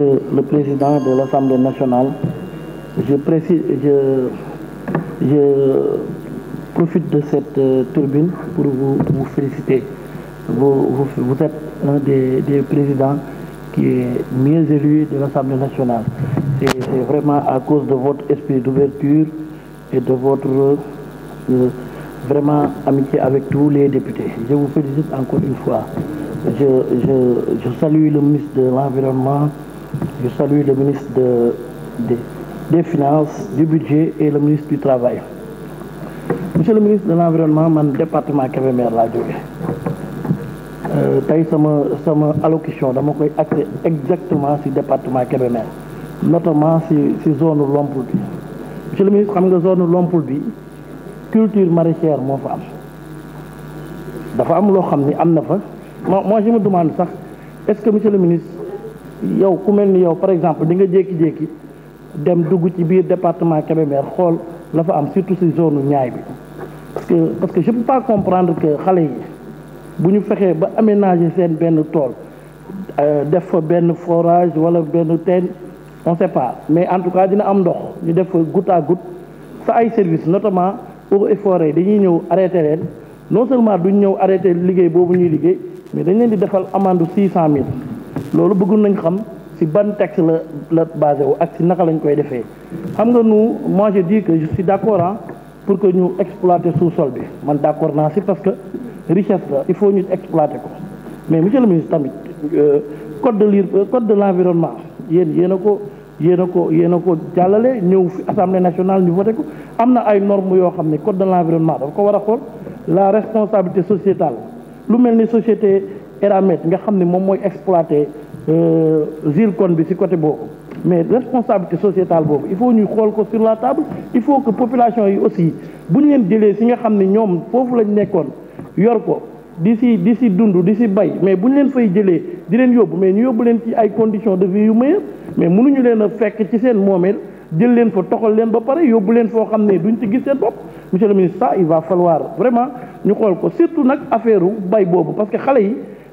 le président de l'Assemblée nationale, je, profite de cette euh, turbine pour vous, féliciter. Vous, êtes un des, présidents qui est mieux élu de l'Assemblée nationale. C'est vraiment à cause de votre esprit d'ouverture et de votre euh, vraiment amitié avec tous les députés. Je vous félicite encore une fois. je salue le ministre de l'Environnement, je salue le ministre des Finances, du Budget et le ministre du Travail. Monsieur le ministre de l'Environnement, mon département Kébémer laa jóge euh, tey sama allocution dama koy exactement ci département Kébémer notamment ci la zone de monsieur le ministre quand la zone de bi culture maraîchère mon femme. am dafa am loo moi je me demande ça. est-ce que monsieur le ministre yow ku mel ni yow par exemple di nga jékki-jékki dem dugg ci biir département Kébémer xool la am surtout si zone ñaay bi parce que parce que pas comprendre que xale yi bu ñu fexee ba aménager seen benn tool euh, def fa benn forage wala benn teen on sait pas mais en tout cas dina am ndox ñu def fa goutte à sa ay service notamment eaux et forêts dañuy ñëw arrêté leen non seulement duñ ñëw arrêté liggéey boobu ñuy liggéey mais dañ leen di defal amende six cent mille loolu bëggoon nañ xam si ban texte la la basé wu ak si naka lañ koy defee xam nga nu moi je dis si je suis d' accord ah pour que ñu exploiter sous-sol bi man d' accord naa si parce que richesse la il faut ñu exploiter ko mais monsieur le ministre tamit euh, code de l' euh, code de l' environnement yéen yéen ko yéen a ko yéen a ko jàllale ñëw fi assemblée nationale ñu voté ko am na ay normes yoo xam ne code de l' environnement dafa ko war a xool la responsabilité sociétale lu mel ni Eramet nga xamné ne moy exploiter euh zircon bi ci côté boobu mais responsabilité sociétale boobu il faut ñu xol ko sur la table il faut que population yi aussi buñ leen délé ci nga xamné ne fofu lañ nekkoon yor ko d'ici d'ici dundu d'ici bay mais buñ leen fay jëlé di leen yobbu mais ñu yobbu leen ci ay conditions de vie yu meilleures mais mënuñu leen a fekk ci seen momel jël leen fa toxal leen ba paré yobbu leen fo xamné duñ ci gis seen bopp monsieur le ministre ça il va falloir vraiment ñu xol ko surtout nak affaire bay boobu parce que xalé yi.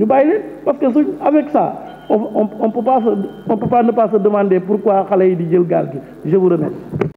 Nous parce que avec ça on ne peut pas ne pas se demander pourquoi Khaled yi je vous remercie.